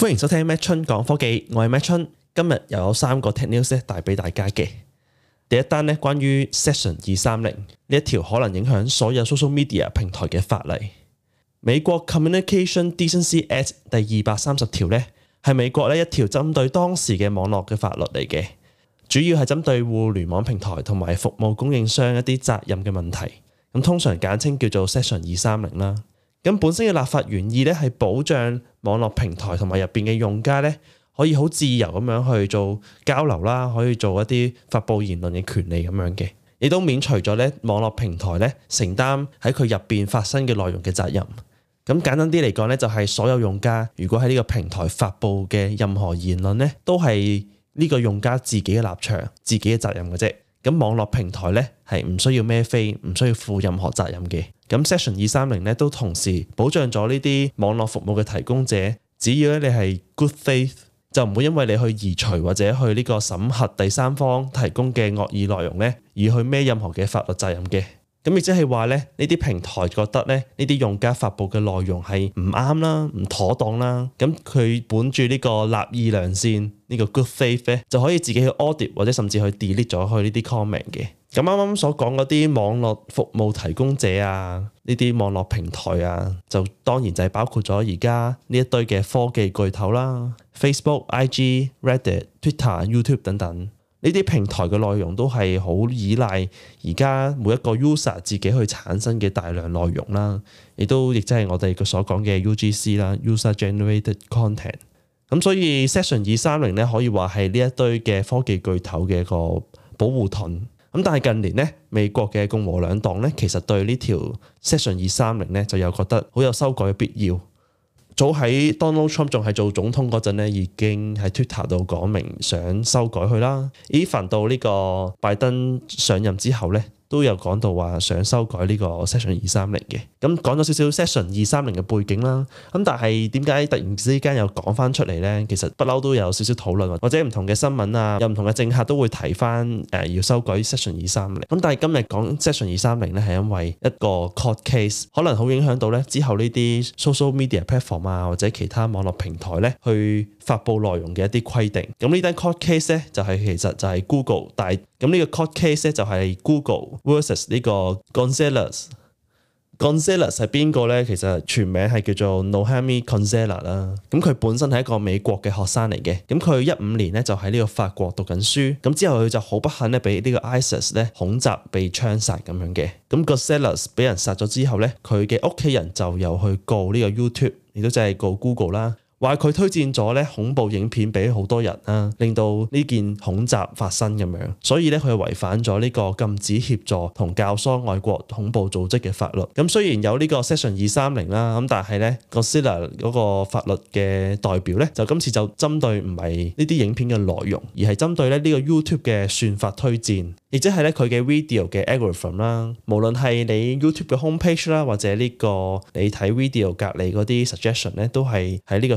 歡迎收聽麥春講科技，我係麥春。今日又有三個 tech news 呢帶俾大家嘅。第一單呢，關於 Section 二三零，呢一條可能影響所有 social media 平台嘅法例。美國 Communication Decency Act 第二百三十條呢，係美國呢一條針對當時嘅網絡嘅法律嚟嘅，主要係針對互聯網平台同埋服務供應商一啲責任嘅問題。咁通常簡稱叫做 Section 二三零啦。咁本身嘅立法原意咧，係保障網絡平台同埋入邊嘅用家咧，可以好自由咁樣去做交流啦，可以做一啲發布言論嘅權利咁樣嘅，亦都免除咗咧網絡平台咧，承擔喺佢入邊發生嘅內容嘅責任。咁簡單啲嚟講咧，就係所有用家如果喺呢個平台發布嘅任何言論咧，都係呢個用家自己嘅立場、自己嘅責任嘅啫。咁網絡平台咧，係唔需要孭飛，唔需要負任何責任嘅。咁 Section 二三零咧都同時保障咗呢啲網絡服務嘅提供者，只要咧你係 good faith，就唔會因為你去移除或者去呢個審核第三方提供嘅惡意內容咧，而去孭任何嘅法律責任嘅。咁亦即係話咧，呢啲平台覺得咧，呢啲用家發布嘅內容係唔啱啦、唔妥當啦，咁佢本住呢個立意良善、呢個 good faith 咧，就可以自己去 audit 或者甚至去 delete 咗佢呢啲 comment 嘅。咁啱啱所講嗰啲網絡服務提供者啊，呢啲網絡平台啊，就當然就係包括咗而家呢一堆嘅科技巨頭啦，Facebook、IG、Reddit、Twitter、YouTube 等等。呢啲平台嘅內容都係好依賴而家每一個 user 自己去產生嘅大量內容啦，亦都亦即係我哋所講嘅 UGC 啦，user generated content。咁所以 Section 二三零咧，可以話係呢一堆嘅科技巨頭嘅一個保護盾。咁但係近年咧，美國嘅共和兩黨咧，其實對呢條 Section 二三零咧，就有覺得好有修改嘅必要。早喺 Donald Trump 仲係做總統嗰陣咧，已經喺 Twitter 度講明想修改佢啦。Even 到呢個拜登上任之後咧，都有講到話想修改呢個 Section 二三零嘅，咁講咗少少 Section 二三零嘅背景啦，咁但係點解突然之間又講翻出嚟呢？其實不嬲都有少少討論，或者唔同嘅新聞啊，有唔同嘅政客都會提翻誒要修改 Section 二三零。咁但係今日講 Section 二三零呢，係因為一個 court case 可能好影響到呢之後呢啲 social media platform 啊或者其他網絡平台呢去，發布內容嘅一啲規定，咁呢單 court case 咧就係其實就係 Google，但係咁呢個 court case 咧就係 Google versus 呢個 Gonzalez。Gonzalez 係邊個咧？其實全名係叫做 Nohemi Gonzalez 啦。咁佢本身係一個美國嘅學生嚟嘅。咁佢一五年咧就喺、是、呢個法國讀緊書。咁之後佢就好不幸咧俾呢個 ISIS 咧恐襲，被槍殺咁樣嘅。咁 Gonzalez 俾人殺咗之後咧，佢嘅屋企人就又去告呢個 YouTube，亦都即係告 Google 啦。話佢推薦咗咧恐怖影片俾好多人啦，令到呢件恐襲發生咁樣，所以咧佢違反咗呢個禁止協助同教唆外國恐怖組織嘅法律。咁雖然有呢個 Section 二三零啦，咁但係咧個 Cilla 嗰個法律嘅代表咧，就今次就針對唔係呢啲影片嘅內容，而係針對咧呢個 YouTube 嘅算法推薦，亦即係咧佢嘅 video 嘅 algorithm 啦。無論係你 YouTube 嘅 home page 啦，或者呢個你睇 video 隔離嗰啲 suggestion 咧，都係喺呢個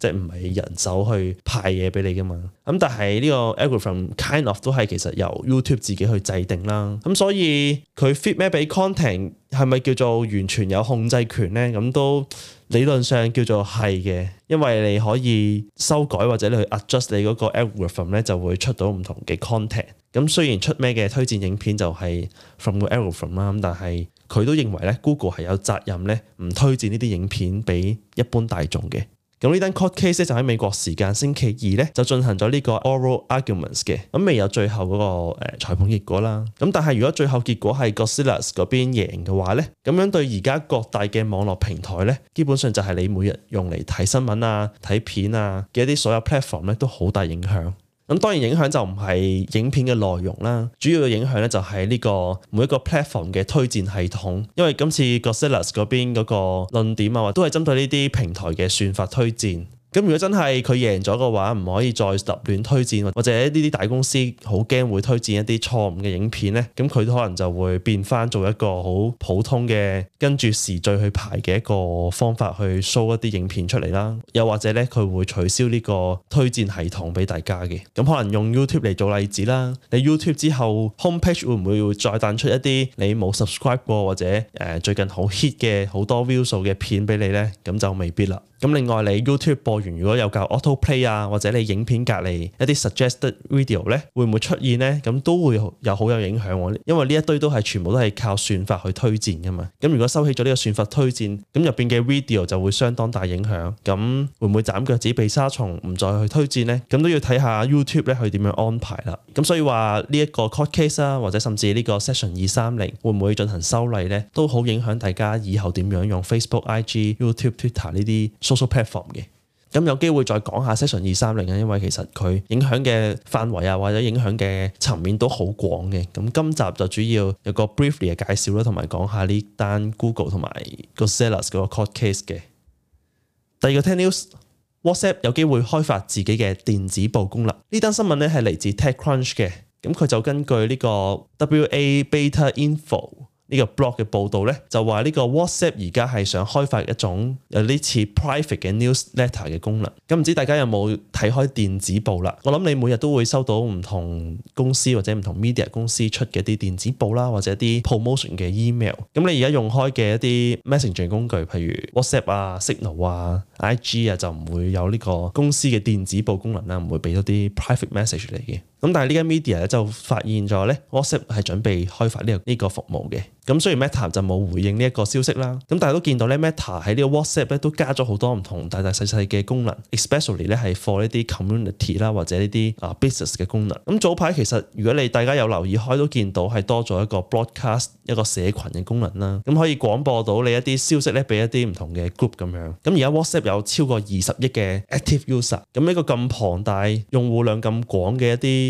即係唔係人手去派嘢俾你㗎嘛？咁但係呢個 algorithm kind of 都係其實由 YouTube 自己去制定啦。咁、嗯、所以佢 fit 咩俾 content 係咪叫做完全有控制權呢？咁、嗯、都理論上叫做係嘅，因為你可以修改或者你去 adjust 你嗰個 algorithm 咧，就會出到唔同嘅 content。咁、嗯、雖然出咩嘅推薦影片就係 from 個 algorithm 啦，咁但係佢都認為咧 Google 係有責任咧，唔推薦呢啲影片俾一般大眾嘅。咁呢單 court case 就喺美國時間星期二咧，就進行咗呢個 oral arguments 嘅，咁未有最後嗰、嗰個、呃、裁判結果啦。咁但係如果最後結果係 Gonzalez 嗰邊贏嘅話咧，咁樣對而家各大嘅網絡平台咧，基本上就係你每日用嚟睇新聞啊、睇片啊嘅一啲所有 platform 咧，都好大影響。咁當然影響就唔係影片嘅內容啦，主要嘅影響咧就係呢個每一個 platform 嘅推薦系統，因為今次 Gonzalez 嗰邊嗰個論點啊，都係針對呢啲平台嘅算法推薦。咁如果真係佢贏咗嘅話，唔可以再立亂推薦，或者呢啲大公司好驚會推薦一啲錯誤嘅影片呢。咁佢可能就會變翻做一個好普通嘅跟住時序去排嘅一個方法去 show 一啲影片出嚟啦。又或者呢，佢會取消呢個推薦系統俾大家嘅。咁可能用 YouTube 嚟做例子啦，你 YouTube 之後 home page 會唔會再彈出一啲你冇 subscribe 過，或者誒最近好 hit 嘅好多 view 數嘅片俾你呢？咁就未必啦。咁另外你 YouTube 播完如果有教 Auto Play 啊，或者你影片隔籬一啲 Suggested Video 咧，會唔會出現呢？咁都會有好有，有影響喎、啊，因為呢一堆都係全部都係靠算法去推薦噶嘛。咁如果收起咗呢個算法推薦，咁入邊嘅 Video 就會相當大影響。咁會唔會斬腳趾被沙蟲，唔再去推薦呢？咁都要睇下 YouTube 咧去點樣安排啦。咁所以話呢一個 Court Case 啊，或者甚至呢個 Section 二三零會唔會進行修例呢？都好影響大家以後點樣用 Facebook、IG、YouTube、Twitter 呢啲 social platform 嘅，咁有機會再講下 Section 230啊，因為其實佢影響嘅範圍啊，或者影響嘅層面都好廣嘅。咁今集就主要有個 briefly 嘅介紹啦，同埋講下呢單 Google 同埋 Gonzalez 嗰個 court case 嘅。第二個 tech news，WhatsApp 有機會開發自己嘅電子報功能。呢單新聞咧係嚟自 TechCrunch 嘅，咁佢就根據呢個 WA Beta Info。呢個 blog 嘅報導呢，就話呢個 WhatsApp 而家係想開發一種類似 private 嘅 newsletter 嘅功能。咁唔知大家有冇睇開電子報啦？我諗你每日都會收到唔同公司或者唔同 media 公司出嘅啲電子報啦，或者啲 promotion 嘅 email。咁你而家用開嘅一啲 message 工具，譬如 WhatsApp 啊、Signal 啊、IG 啊，就唔會有呢個公司嘅電子報功能啦，唔會俾多啲 private message 你嘅。咁但係呢間 media 咧就發現咗咧 WhatsApp 係準備開發呢個呢個服務嘅。咁雖然 Meta 就冇回應呢一個消息啦。咁但係都見到咧 Meta 喺呢個 WhatsApp 咧都加咗好多唔同大大細細嘅功能，especially 咧係 for 呢啲 community 啦或者呢啲啊 business 嘅功能。咁早排其實如果你大家有留意開都見到係多咗一個 broadcast 一個社群嘅功能啦。咁可以廣播到你一啲消息咧俾一啲唔同嘅 group 咁樣。咁而家 WhatsApp 有超過二十億嘅 active user。咁呢個咁龐大用戶量咁廣嘅一啲。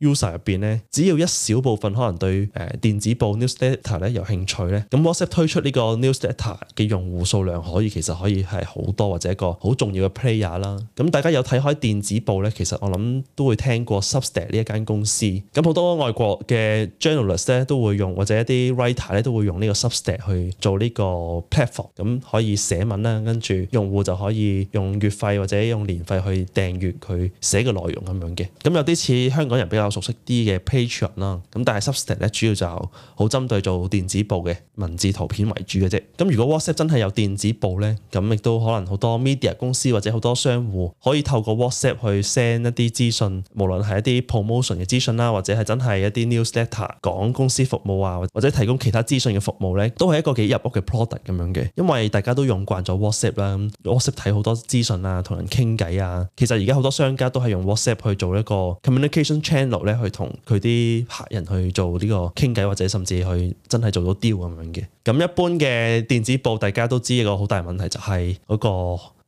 user 入邊咧，只要一小部分可能對誒電子報 newsdata 咧有興趣咧，咁 WhatsApp 推出呢個 newsdata 嘅用戶數量可以其實可以係好多或者一個好重要嘅 player 啦。咁大家有睇開電子報咧，其實我諗都會聽過 Substack 呢一間公司。咁好多外國嘅 journalist 咧都會用，或者一啲 writer 咧都會用呢個 Substack 去做呢個 platform，咁可以寫文啦，跟住用戶就可以用月費或者用年費去訂閱佢寫嘅內容咁樣嘅。咁有啲似香港人比較熟悉啲嘅 Patreon 啦，咁但係 Substack 咧主要就好針對做電子報嘅文字圖片為主嘅啫。咁如果 WhatsApp 真係有電子報咧，咁亦都可能好多 media 公司或者好多商戶可以透過 WhatsApp 去 send 一啲資訊，無論係一啲 promotion 嘅資訊啦，或者係真係一啲 newsletter 講公司服務啊，或者提供其他資訊嘅服務咧，都係一個幾入屋嘅 product 咁樣嘅，因為大家都用慣咗 WhatsApp 啦，咁 WhatsApp 睇好多資訊啊，同人傾偈啊，其實而家好多商家都係用 WhatsApp 去做一個 communication channel。咧去同佢啲客人去做呢個傾偈，或者甚至去真係做到 deal 咁樣嘅。咁一般嘅電子報，大家都知一個好大問題就係、是、嗰個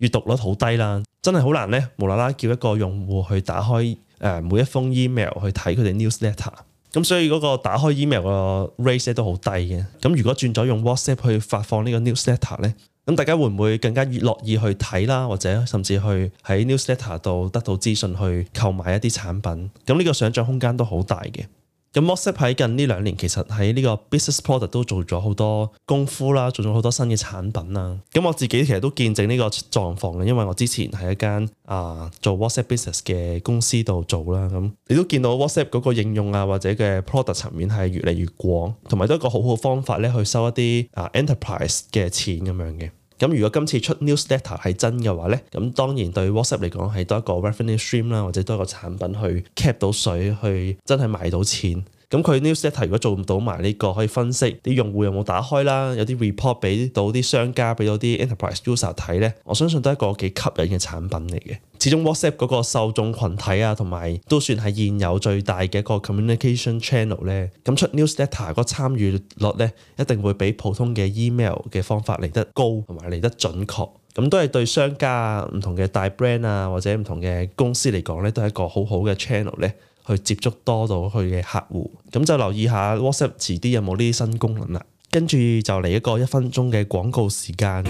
閱讀率好低啦，真係好難咧無啦啦叫一個用戶去打開誒、呃、每一封 email 去睇佢哋 newsletter。咁所以嗰個打開 email 個 rate 都好低嘅。咁如果轉咗用 WhatsApp 去發放個呢個 newsletter 咧？.咁大家會唔會更加越樂意去睇啦，或者甚至去喺 newsletter 度得到資訊去購買一啲產品？咁、這、呢個想象空間都好大嘅。咁 WhatsApp 喺近呢兩年其實喺呢個 business product 都做咗好多功夫啦，做咗好多新嘅產品啦。咁我自己其實都見證呢個狀況嘅，因為我之前喺一間啊、呃、做 WhatsApp business 嘅公司度做啦。咁你都見到 WhatsApp 嗰個應用啊或者嘅 product 層面係越嚟越廣，同埋都一個好好方法咧去收一啲啊 enterprise 嘅錢咁樣嘅。咁如果今次出 newsletter 係真嘅話呢，咁當然對 WhatsApp 嚟講係多一個 Revenue Stream 啦，或者多一個產品去 cap 到水，去真係賣到錢。咁佢 newsletter 如果做唔到埋、這、呢個可以分析啲用戶有冇打開啦，有啲 report 俾到啲商家，俾到啲 enterprise user 睇咧，我相信都係一個幾吸引嘅產品嚟嘅。始終 WhatsApp 嗰個受眾群體啊，同埋都算係現有最大嘅一個 communication channel 咧。咁出 newsletter 嗰參與率咧，一定會比普通嘅 email 嘅方法嚟得高，同埋嚟得準確。咁都係對商家唔同嘅大 brand 啊，或者唔同嘅公司嚟講咧，都係一個好好嘅 channel 咧。去接觸多到佢嘅客戶，咁就留意下 WhatsApp 遲啲有冇呢啲新功能啦。跟住就嚟一個一分鐘嘅廣告時間。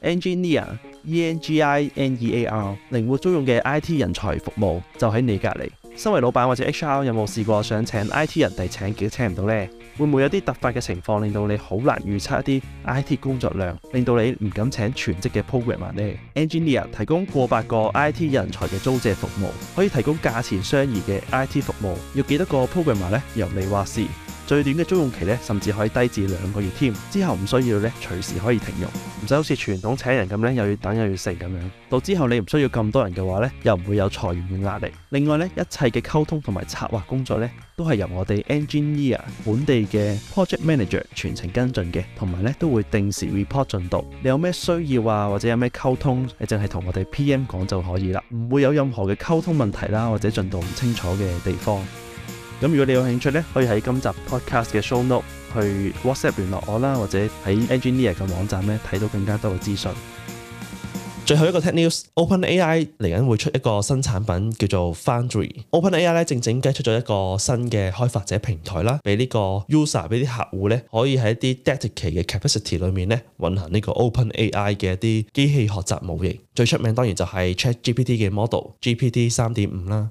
Enginear，E-N-G-I-N-E-A-R，靈活租用嘅 IT 人才服務就喺你隔離。身為老闆或者 HR，有冇試過想請 IT 人哋請幾都請唔到呢？會唔會有啲突發嘅情況令到你好難預測一啲 IT 工作量，令到你唔敢請全職嘅 programmer 呢？Enginear 提供過百個 IT 人才嘅租借服務，可以提供價錢相宜嘅 IT 服務。要幾多個 programmer 呢？由你話事。最短嘅租用期咧，甚至可以低至兩個月添。之後唔需要咧，隨時可以停用，唔使好似傳統請人咁咧，又要等又要食咁樣。到之後你唔需要咁多人嘅話咧，又唔會有裁員嘅壓力。另外咧，一切嘅溝通同埋策劃工作咧，都係由我哋 Enginear 本地嘅 Project Manager 全程跟進嘅，同埋咧都會定時 report 進度。你有咩需要啊，或者有咩溝通，你淨係同我哋 PM 講就可以啦，唔會有任何嘅溝通問題啦、啊，或者進度唔清楚嘅地方。咁如果你有興趣咧，可以喺今集 podcast 嘅 show note 去 WhatsApp 聯絡我啦，或者喺 Enginear 嘅網站咧睇到更加多嘅資訊。最後一個 tech news，OpenAI 嚟緊會出一個新產品叫做 Foundry。OpenAI 咧靜靜雞出咗一個新嘅開發者平台啦，俾呢個 user 俾啲客戶咧可以喺一啲 dedicated capacity 裏面咧運行呢個 OpenAI 嘅一啲機器學習模型。最出名當然就係 ChatGPT 嘅 model，GPT 三點五啦。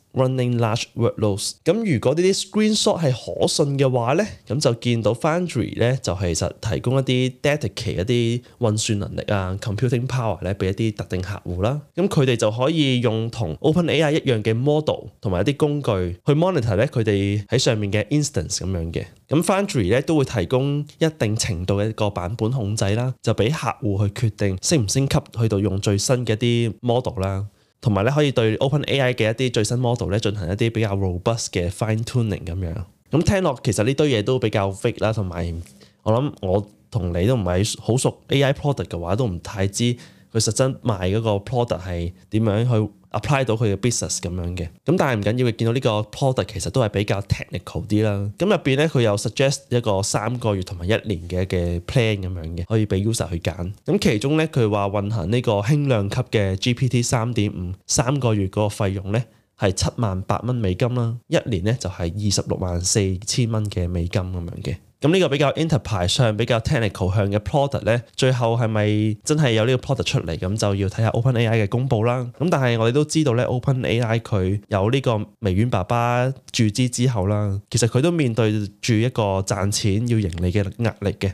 Running large workloads，咁如果呢啲 screenshot 係可信嘅話咧，咁就見到 Foundry 咧就其實提供一啲 dedicated 一啲運算能力啊 computing power 咧俾一啲特定客戶啦，咁佢哋就可以用同 OpenAI 一樣嘅 model 同埋一啲工具去 monitor 咧佢哋喺上面嘅 instance 咁樣嘅，咁 Foundry 咧都會提供一定程度嘅一個版本控制啦，就俾客戶去決定升唔升級去到用最新嘅一啲 model 啦。同埋咧，可以對 OpenAI 嘅一啲最新 model 咧進行一啲比較 robust 嘅 fine-tuning 咁樣。咁聽落，其實呢堆嘢都比較 fit 啦。同埋，我諗我同你都唔係好熟 AI product 嘅話，都唔太知。佢實質賣嗰個 product 係點樣去 apply 到佢嘅 business 咁樣嘅，咁但係唔緊要，見到呢個 product 其實都係比較 technical 啲啦。咁入邊咧，佢有 suggest 一個三個月同埋一年嘅嘅 plan 咁樣嘅，可以俾 user 去揀。咁其中咧，佢話運行呢個輕量級嘅 GPT 三點五，三個月嗰個費用咧係七萬八蚊美金啦，一年咧就係二十六萬四千蚊嘅美金咁樣嘅。咁呢個比較 enterprise 上比較 technical 向嘅 product 咧，最後係咪真係有呢個 product 出嚟，咁就要睇下 OpenAI 嘅公佈啦。咁但係我哋都知道咧，OpenAI 佢有呢個微軟爸爸注資之後啦，其實佢都面對住一個賺錢要盈利嘅壓力嘅。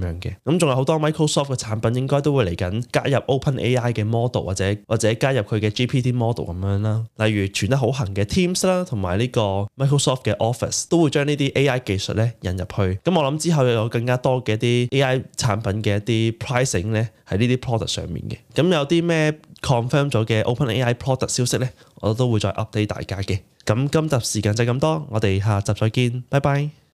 咁樣嘅，咁仲有好多 Microsoft 嘅產品應該都會嚟緊加入 OpenAI 嘅 model 或者或者加入佢嘅 GPT model 咁樣啦，例如傳得好行嘅 Teams 啦，同埋呢個 Microsoft 嘅 Office 都會將呢啲 AI 技術咧引入去。咁我諗之後又有更加多嘅一啲 AI 產品嘅一啲 pricing 咧喺呢啲 product 上面嘅。咁有啲咩 confirm 咗嘅 OpenAI product 消息咧，我都會再 update 大家嘅。咁今集時間就咁多，我哋下集再見，拜拜。